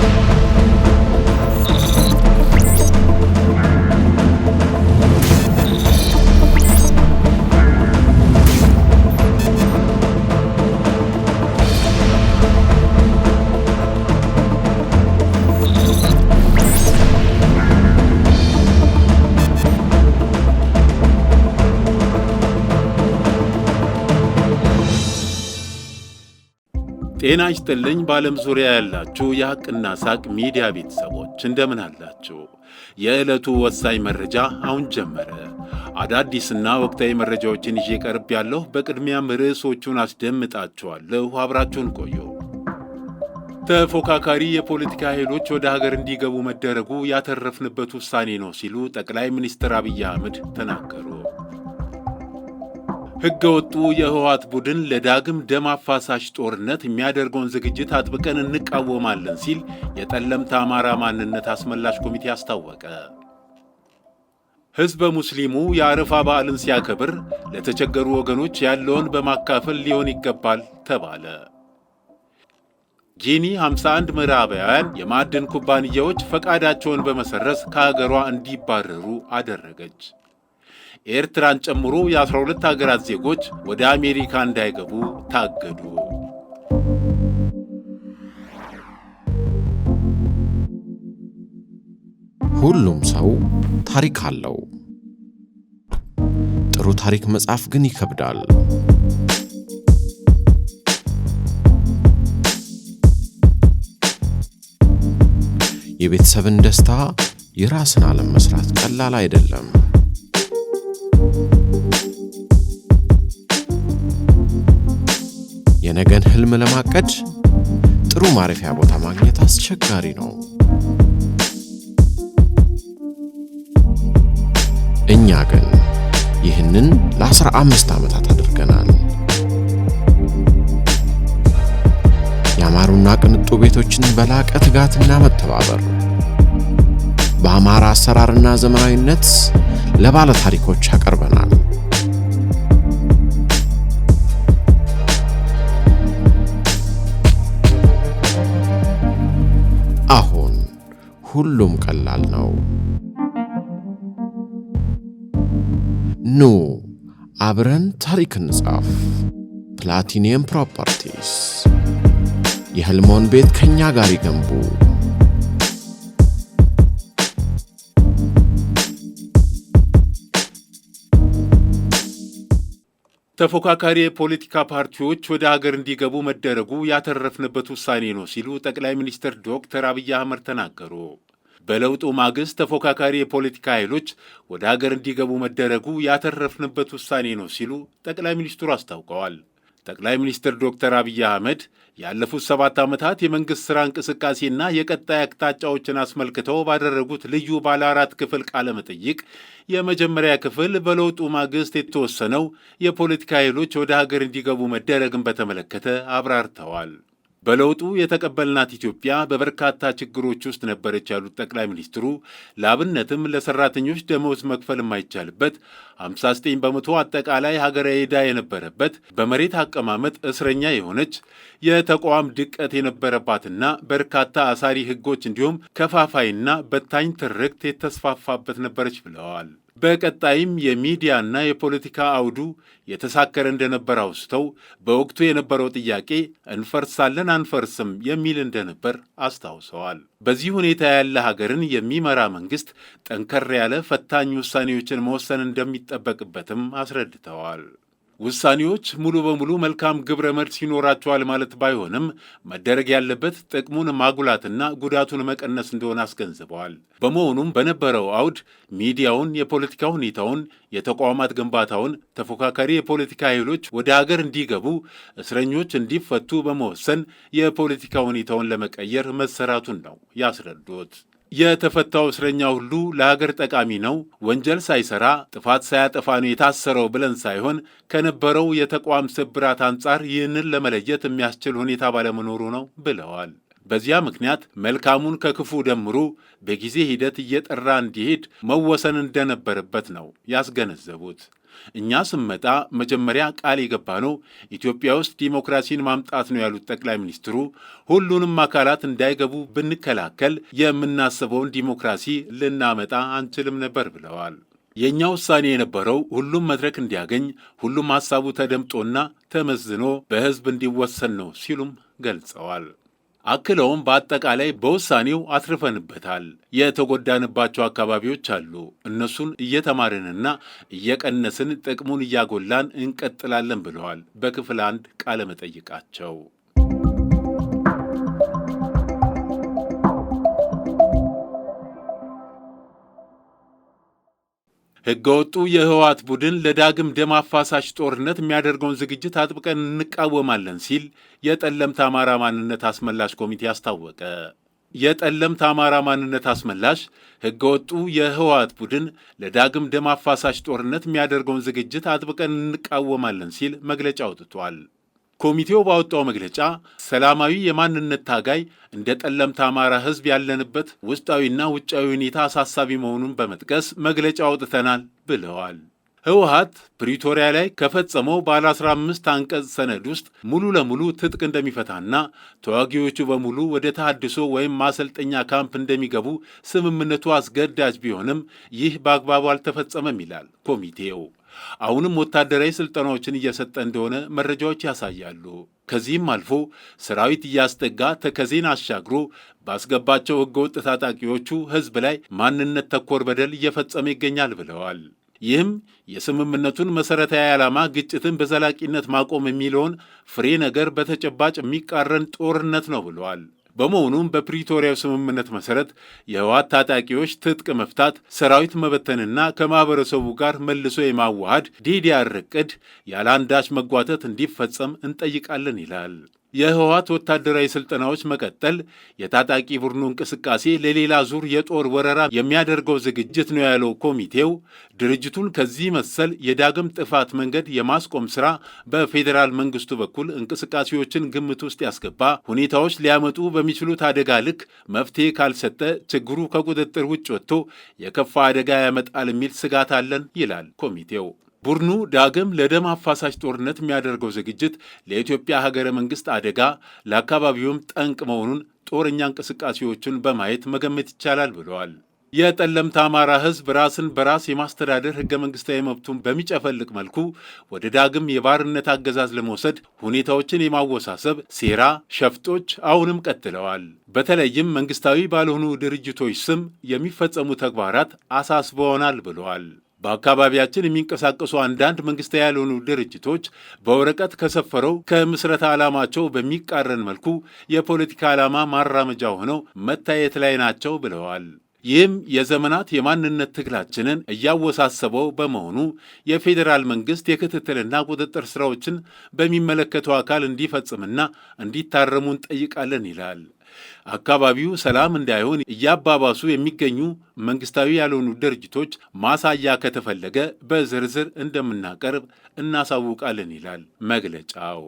Thank you. ጤና ይስጥልኝ በዓለም ዙሪያ ያላችሁ የሐቅና ሳቅ ሚዲያ ቤተሰቦች እንደምን አላችሁ? የዕለቱ ወሳኝ መረጃ አሁን ጀመረ። አዳዲስና ወቅታዊ መረጃዎችን ይዤ ቀርብ ያለሁ። በቅድሚያም ርዕሶቹን አስደምጣችኋለሁ። አብራችሁን ቆዩ። ተፎካካሪ የፖለቲካ ኃይሎች ወደ ሀገር እንዲገቡ መደረጉ ያተረፍንበት ውሳኔ ነው ሲሉ ጠቅላይ ሚኒስትር አብይ አህመድ ተናገሩ። ሕገ ወጡ የህወሓት ቡድን ለዳግም ደም አፋሳሽ ጦርነት የሚያደርገውን ዝግጅት አጥብቀን እንቃወማለን ሲል የጠለምት አማራ ማንነት አስመላሽ ኮሚቴ አስታወቀ። ህዝበ ሙስሊሙ የአረፋ በዓልን ሲያከብር ለተቸገሩ ወገኖች ያለውን በማካፈል ሊሆን ይገባል ተባለ። ጊኒ 51 ምዕራባውያን የማዕድን ኩባንያዎች ፈቃዳቸውን በመሰረዝ ከአገሯ እንዲባረሩ አደረገች። ኤርትራን ጨምሮ የ12 ሀገራት ዜጎች ወደ አሜሪካ እንዳይገቡ ታገዱ። ሁሉም ሰው ታሪክ አለው። ጥሩ ታሪክ መጻፍ ግን ይከብዳል። የቤተሰብን ደስታ የራስን ዓለም መስራት ቀላል አይደለም። የነገን ህልም ለማቀድ ጥሩ ማረፊያ ቦታ ማግኘት አስቸጋሪ ነው። እኛ ግን ይህንን ለአስራ አምስት ዓመታት አድርገናል። ያማሩና ቅንጡ ቤቶችን በላቀ ትጋትና መተባበር በአማራ አሰራርና ዘመናዊነት ለባለ ታሪኮች አቀርበናል። ሁሉም ቀላል ነው። ኑ አብረን ታሪክ እንጻፍ። ፕላቲኒየም ፕሮፐርቲስ የህልሞን ቤት ከእኛ ጋር ይገንቡ። ተፎካካሪ የፖለቲካ ፓርቲዎች ወደ ሀገር እንዲገቡ መደረጉ ያተረፍንበት ውሳኔ ነው ሲሉ ጠቅላይ ሚኒስትር ዶክተር አብይ አህመድ ተናገሩ። በለውጡ ማግስት ተፎካካሪ የፖለቲካ ኃይሎች ወደ አገር እንዲገቡ መደረጉ ያተረፍንበት ውሳኔ ነው ሲሉ ጠቅላይ ሚኒስትሩ አስታውቀዋል። ጠቅላይ ሚኒስትር ዶክተር አብይ አህመድ ያለፉት ሰባት ዓመታት የመንግሥት ሥራ እንቅስቃሴና የቀጣይ አቅጣጫዎችን አስመልክተው ባደረጉት ልዩ ባለ አራት ክፍል ቃለ መጠይቅ የመጀመሪያ ክፍል በለውጡ ማግስት የተወሰነው የፖለቲካ ኃይሎች ወደ ሀገር እንዲገቡ መደረግን በተመለከተ አብራርተዋል። በለውጡ የተቀበልናት ኢትዮጵያ በበርካታ ችግሮች ውስጥ ነበረች ያሉት ጠቅላይ ሚኒስትሩ ለአብነትም ለሰራተኞች ደመወዝ መክፈል የማይቻልበት 59 በመቶ አጠቃላይ ሀገራዊ ዕዳ የነበረበት በመሬት አቀማመጥ እስረኛ የሆነች የተቋም ድቀት የነበረባትና በርካታ አሳሪ ሕጎች እንዲሁም ከፋፋይና በታኝ ትርክት የተስፋፋበት ነበረች ብለዋል። በቀጣይም የሚዲያና የፖለቲካ አውዱ የተሳከረ እንደነበር አውስተው በወቅቱ የነበረው ጥያቄ እንፈርሳለን አንፈርስም የሚል እንደነበር አስታውሰዋል። በዚህ ሁኔታ ያለ ሀገርን የሚመራ መንግስት ጠንከር ያለ ፈታኝ ውሳኔዎችን መወሰን እንደሚጠበቅበትም አስረድተዋል። ውሳኔዎች ሙሉ በሙሉ መልካም ግብረ መልስ ይኖራቸዋል ማለት ባይሆንም መደረግ ያለበት ጥቅሙን ማጉላትና ጉዳቱን መቀነስ እንደሆነ አስገንዝበዋል። በመሆኑም በነበረው አውድ ሚዲያውን፣ የፖለቲካ ሁኔታውን፣ የተቋማት ግንባታውን፣ ተፎካካሪ የፖለቲካ ኃይሎች ወደ አገር እንዲገቡ፣ እስረኞች እንዲፈቱ በመወሰን የፖለቲካ ሁኔታውን ለመቀየር መሰራቱን ነው ያስረዱት። የተፈታው እስረኛ ሁሉ ለሀገር ጠቃሚ ነው፣ ወንጀል ሳይሰራ ጥፋት ሳያጠፋ ነው የታሰረው ብለን ሳይሆን ከነበረው የተቋም ስብራት አንጻር ይህንን ለመለየት የሚያስችል ሁኔታ ባለመኖሩ ነው ብለዋል። በዚያ ምክንያት መልካሙን ከክፉ ደምሮ በጊዜ ሂደት እየጠራ እንዲሄድ መወሰን እንደነበረበት ነው ያስገነዘቡት። እኛ ስንመጣ መጀመሪያ ቃል የገባ ነው ኢትዮጵያ ውስጥ ዲሞክራሲን ማምጣት ነው ያሉት ጠቅላይ ሚኒስትሩ ሁሉንም አካላት እንዳይገቡ ብንከላከል የምናስበውን ዲሞክራሲ ልናመጣ አንችልም ነበር ብለዋል። የእኛ ውሳኔ የነበረው ሁሉም መድረክ እንዲያገኝ፣ ሁሉም ሐሳቡ ተደምጦና ተመዝኖ በሕዝብ እንዲወሰን ነው ሲሉም ገልጸዋል። አክለውም በአጠቃላይ በውሳኔው አትርፈንበታል። የተጎዳንባቸው አካባቢዎች አሉ። እነሱን እየተማርንና እየቀነስን ጥቅሙን እያጎላን እንቀጥላለን ብለዋል በክፍል አንድ ቃለ መጠይቃቸው። ህገወጡ የህወሓት ቡድን ለዳግም ደም አፋሳሽ ጦርነት የሚያደርገውን ዝግጅት አጥብቀን እንቃወማለን ሲል የጠለምት አማራ ማንነት አስመላሽ ኮሚቴ አስታወቀ። የጠለምት አማራ ማንነት አስመላሽ ህገወጡ የህወሓት ቡድን ለዳግም ደም አፋሳሽ ጦርነት የሚያደርገውን ዝግጅት አጥብቀን እንቃወማለን ሲል መግለጫ አውጥቷል። ኮሚቴው ባወጣው መግለጫ ሰላማዊ የማንነት ታጋይ እንደ ጠለምት አማራ ህዝብ ያለንበት ውስጣዊና ውጫዊ ሁኔታ አሳሳቢ መሆኑን በመጥቀስ መግለጫ አውጥተናል ብለዋል። ህወሀት ፕሪቶሪያ ላይ ከፈጸመው ባለ 15 አንቀጽ ሰነድ ውስጥ ሙሉ ለሙሉ ትጥቅ እንደሚፈታና ተዋጊዎቹ በሙሉ ወደ ተሃድሶ ወይም ማሰልጠኛ ካምፕ እንደሚገቡ ስምምነቱ አስገዳጅ ቢሆንም ይህ በአግባቡ አልተፈጸመም ይላል ኮሚቴው። አሁንም ወታደራዊ ስልጠናዎችን እየሰጠ እንደሆነ መረጃዎች ያሳያሉ። ከዚህም አልፎ ሰራዊት እያስጠጋ ተከዜን አሻግሮ ባስገባቸው ህገወጥ ታጣቂዎቹ ህዝብ ላይ ማንነት ተኮር በደል እየፈጸመ ይገኛል ብለዋል። ይህም የስምምነቱን መሠረታዊ ዓላማ ግጭትን በዘላቂነት ማቆም የሚለውን ፍሬ ነገር በተጨባጭ የሚቃረን ጦርነት ነው ብለዋል። በመሆኑም በፕሪቶሪያው ስምምነት መሰረት የህወሓት ታጣቂዎች ትጥቅ መፍታት፣ ሰራዊት መበተንና ከማህበረሰቡ ጋር መልሶ የማዋሃድ ዲዲአር እቅድ ያለ አንዳች መጓተት እንዲፈጸም እንጠይቃለን ይላል። የህወሓት ወታደራዊ ስልጠናዎች መቀጠል የታጣቂ ቡድኑ እንቅስቃሴ ለሌላ ዙር የጦር ወረራ የሚያደርገው ዝግጅት ነው ያለው ኮሚቴው ድርጅቱን ከዚህ መሰል የዳግም ጥፋት መንገድ የማስቆም ስራ በፌዴራል መንግስቱ በኩል እንቅስቃሴዎችን ግምት ውስጥ ያስገባ፣ ሁኔታዎች ሊያመጡ በሚችሉት አደጋ ልክ መፍትሄ ካልሰጠ ችግሩ ከቁጥጥር ውጭ ወጥቶ የከፋ አደጋ ያመጣል የሚል ስጋት አለን ይላል ኮሚቴው። ቡድኑ ዳግም ለደም አፋሳሽ ጦርነት የሚያደርገው ዝግጅት ለኢትዮጵያ ሀገረ መንግስት አደጋ፣ ለአካባቢውም ጠንቅ መሆኑን ጦረኛ እንቅስቃሴዎቹን በማየት መገመት ይቻላል ብለዋል። የጠለምት አማራ ህዝብ ራስን በራስ የማስተዳደር ህገ መንግስታዊ መብቱን በሚጨፈልቅ መልኩ ወደ ዳግም የባርነት አገዛዝ ለመውሰድ ሁኔታዎችን የማወሳሰብ ሴራ ሸፍጦች አሁንም ቀጥለዋል። በተለይም መንግስታዊ ባልሆኑ ድርጅቶች ስም የሚፈጸሙ ተግባራት አሳስበውናል ብለዋል። በአካባቢያችን የሚንቀሳቀሱ አንዳንድ መንግስታዊ ያልሆኑ ድርጅቶች በወረቀት ከሰፈረው ከምስረተ ዓላማቸው በሚቃረን መልኩ የፖለቲካ ዓላማ ማራመጃ ሆነው መታየት ላይ ናቸው ብለዋል። ይህም የዘመናት የማንነት ትግላችንን እያወሳሰበው በመሆኑ የፌዴራል መንግስት የክትትልና ቁጥጥር ስራዎችን በሚመለከተው አካል እንዲፈጽምና እንዲታረሙ እንጠይቃለን ይላል። አካባቢው ሰላም እንዳይሆን እያባባሱ የሚገኙ መንግስታዊ ያልሆኑ ድርጅቶች ማሳያ ከተፈለገ በዝርዝር እንደምናቀርብ እናሳውቃለን ይላል መግለጫው።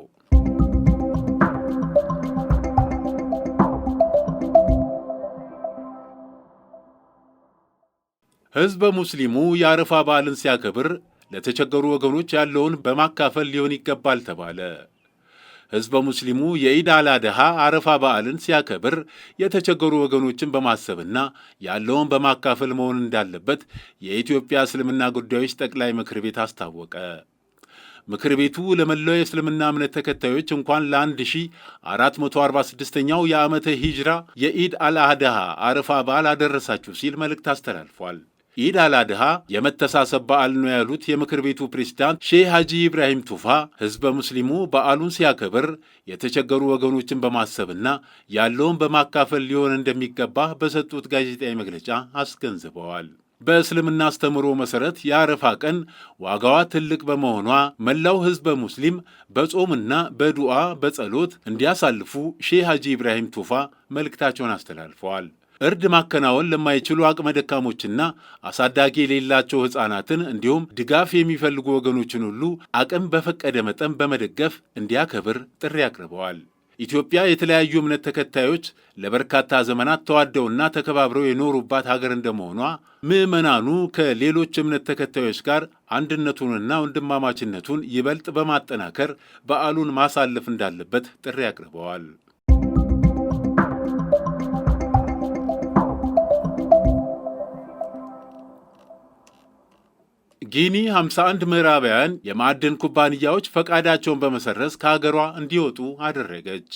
ህዝበ ሙስሊሙ የአረፋ በዓልን ሲያከብር ለተቸገሩ ወገኖች ያለውን በማካፈል ሊሆን ይገባል ተባለ። ህዝበ ሙስሊሙ የኢድ አላድሃ አረፋ በዓልን ሲያከብር የተቸገሩ ወገኖችን በማሰብና ያለውን በማካፈል መሆን እንዳለበት የኢትዮጵያ እስልምና ጉዳዮች ጠቅላይ ምክር ቤት አስታወቀ። ምክር ቤቱ ለመላው የእስልምና እምነት ተከታዮች እንኳን ለ1446ኛው የዓመተ ሂጅራ የኢድ አልአድሃ አረፋ በዓል አደረሳችሁ ሲል መልእክት አስተላልፏል። ኢድ ድሃ የመተሳሰብ በዓል ነው ያሉት የምክር ቤቱ ፕሬዚዳንት ሼህ ሀጂ ኢብራሂም ቱፋ ህዝበ ሙስሊሙ በዓሉን ሲያከብር የተቸገሩ ወገኖችን በማሰብና ያለውን በማካፈል ሊሆን እንደሚገባ በሰጡት ጋዜጣዊ መግለጫ አስገንዝበዋል። በእስልምና አስተምህሮ መሠረት የአረፋ ቀን ዋጋዋ ትልቅ በመሆኗ መላው ህዝበ ሙስሊም በጾምና በዱዓ በጸሎት እንዲያሳልፉ ሼህ ሀጂ ኢብራሂም ቱፋ መልእክታቸውን አስተላልፈዋል። እርድ ማከናወን ለማይችሉ አቅመ ደካሞችና አሳዳጊ የሌላቸው ሕፃናትን እንዲሁም ድጋፍ የሚፈልጉ ወገኖችን ሁሉ አቅም በፈቀደ መጠን በመደገፍ እንዲያከብር ጥሪ አቅርበዋል። ኢትዮጵያ የተለያዩ እምነት ተከታዮች ለበርካታ ዘመናት ተዋደውና ተከባብረው የኖሩባት ሀገር እንደመሆኗ ምዕመናኑ ከሌሎች እምነት ተከታዮች ጋር አንድነቱንና ወንድማማችነቱን ይበልጥ በማጠናከር በዓሉን ማሳለፍ እንዳለበት ጥሪ አቅርበዋል። ጊኒ 51 ምዕራባውያን የማዕድን ኩባንያዎች ፈቃዳቸውን በመሰረዝ ከሀገሯ እንዲወጡ አደረገች።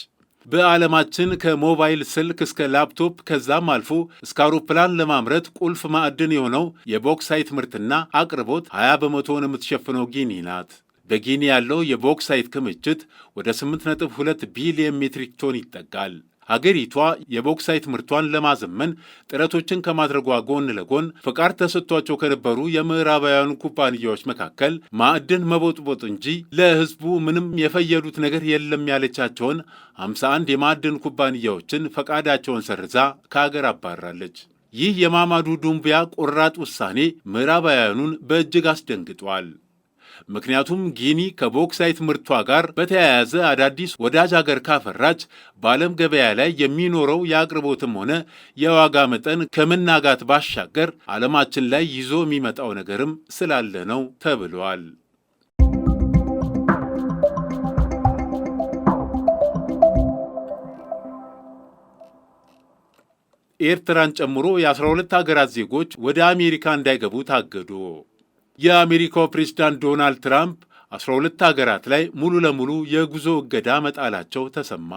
በዓለማችን ከሞባይል ስልክ እስከ ላፕቶፕ ከዛም አልፎ እስከ አውሮፕላን ለማምረት ቁልፍ ማዕድን የሆነው የቦክሳይት ምርትና አቅርቦት 20 በመቶውን የምትሸፍነው ጊኒ ናት። በጊኒ ያለው የቦክሳይት ክምችት ወደ 8.2 ቢሊየን ሜትሪክ ቶን ይጠጋል። አገሪቷ የቦክሳይት ምርቷን ለማዘመን ጥረቶችን ከማድረጓ ጎን ለጎን ፈቃድ ተሰጥቷቸው ከነበሩ የምዕራባውያኑ ኩባንያዎች መካከል ማዕድን መቦጥቦጥ እንጂ ለሕዝቡ ምንም የፈየዱት ነገር የለም ያለቻቸውን 51 የማዕድን ኩባንያዎችን ፈቃዳቸውን ሰርዛ ከአገር አባራለች። ይህ የማማዱ ዱምቢያ ቆራጥ ውሳኔ ምዕራባውያኑን በእጅግ አስደንግጧል። ምክንያቱም ጊኒ ከቦክሳይት ምርቷ ጋር በተያያዘ አዳዲስ ወዳጅ አገር ካፈራች በዓለም ገበያ ላይ የሚኖረው የአቅርቦትም ሆነ የዋጋ መጠን ከመናጋት ባሻገር ዓለማችን ላይ ይዞ የሚመጣው ነገርም ስላለ ነው ተብሏል። ኤርትራን ጨምሮ የ12 ሀገራት ዜጎች ወደ አሜሪካ እንዳይገቡ ታገዱ። የአሜሪካው ፕሬዝዳንት ዶናልድ ትራምፕ 12 ሀገራት ላይ ሙሉ ለሙሉ የጉዞ እገዳ መጣላቸው ተሰማ።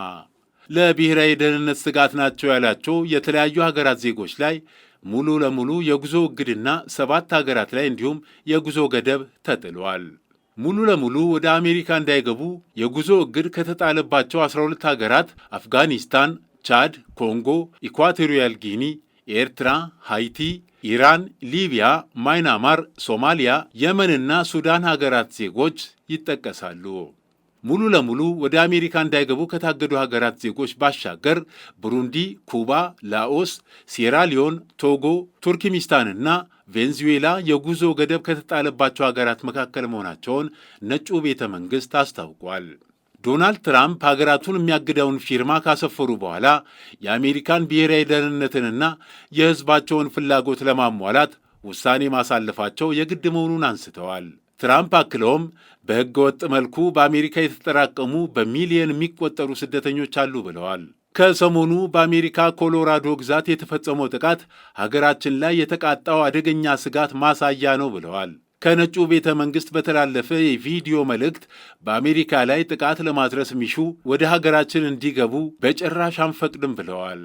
ለብሔራዊ ደህንነት ስጋት ናቸው ያላቸው የተለያዩ ሀገራት ዜጎች ላይ ሙሉ ለሙሉ የጉዞ እግድና ሰባት ሀገራት ላይ እንዲሁም የጉዞ ገደብ ተጥሏል። ሙሉ ለሙሉ ወደ አሜሪካ እንዳይገቡ የጉዞ እግድ ከተጣለባቸው 12 ሀገራት አፍጋኒስታን፣ ቻድ፣ ኮንጎ፣ ኢኳቶሪያል ጊኒ፣ ኤርትራ፣ ሃይቲ፣ ኢራን፣ ሊቢያ፣ ማይናማር፣ ሶማሊያ፣ የመንና ሱዳን ሀገራት ዜጎች ይጠቀሳሉ። ሙሉ ለሙሉ ወደ አሜሪካ እንዳይገቡ ከታገዱ ሀገራት ዜጎች ባሻገር ብሩንዲ፣ ኩባ፣ ላኦስ፣ ሴራሊዮን፣ ቶጎ፣ ቱርክሚስታንና ቬንዙዌላ የጉዞ ገደብ ከተጣለባቸው ሀገራት መካከል መሆናቸውን ነጩ ቤተ መንግሥት አስታውቋል። ዶናልድ ትራምፕ ሀገራቱን የሚያግደውን ፊርማ ካሰፈሩ በኋላ የአሜሪካን ብሔራዊ ደህንነትንና የሕዝባቸውን ፍላጎት ለማሟላት ውሳኔ ማሳለፋቸው የግድ መሆኑን አንስተዋል። ትራምፕ አክለውም በሕገ ወጥ መልኩ በአሜሪካ የተጠራቀሙ በሚሊየን የሚቆጠሩ ስደተኞች አሉ ብለዋል። ከሰሞኑ በአሜሪካ ኮሎራዶ ግዛት የተፈጸመው ጥቃት ሀገራችን ላይ የተቃጣው አደገኛ ስጋት ማሳያ ነው ብለዋል። ከነጩ ቤተ መንግስት በተላለፈ የቪዲዮ መልእክት በአሜሪካ ላይ ጥቃት ለማድረስ የሚሹ ወደ ሀገራችን እንዲገቡ በጭራሽ አንፈቅድም ብለዋል።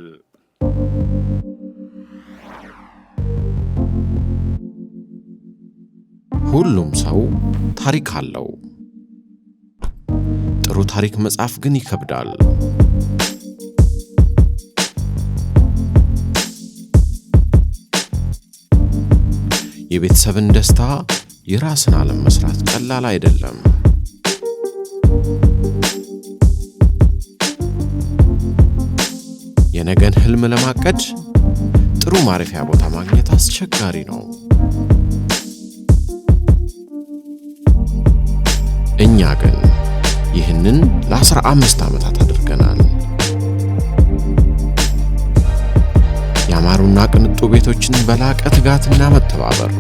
ሁሉም ሰው ታሪክ አለው። ጥሩ ታሪክ መጻፍ ግን ይከብዳል። የቤተሰብን ደስታ የራስን ዓለም መስራት ቀላል አይደለም። የነገን ህልም ለማቀድ ጥሩ ማረፊያ ቦታ ማግኘት አስቸጋሪ ነው። እኛ ግን ይህንን ለአስራ አምስት ዓመታት አድርገናል። ያማሩና ቅንጡ ቤቶችን በላቀ ትጋትና መተባበር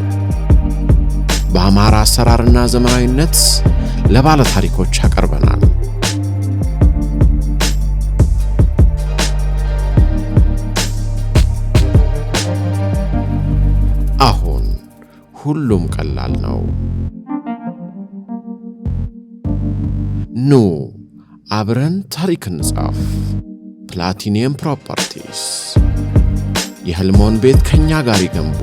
በአማራ አሰራርና ዘመናዊነት ለባለ ታሪኮች ያቀርበናል። አሁን ሁሉም ቀላል ነው። ኑ አብረን ታሪክ እንጻፍ። ፕላቲኒየም ፕሮፐርቲስ የህልሞን ቤት ከእኛ ጋር ይገንቡ።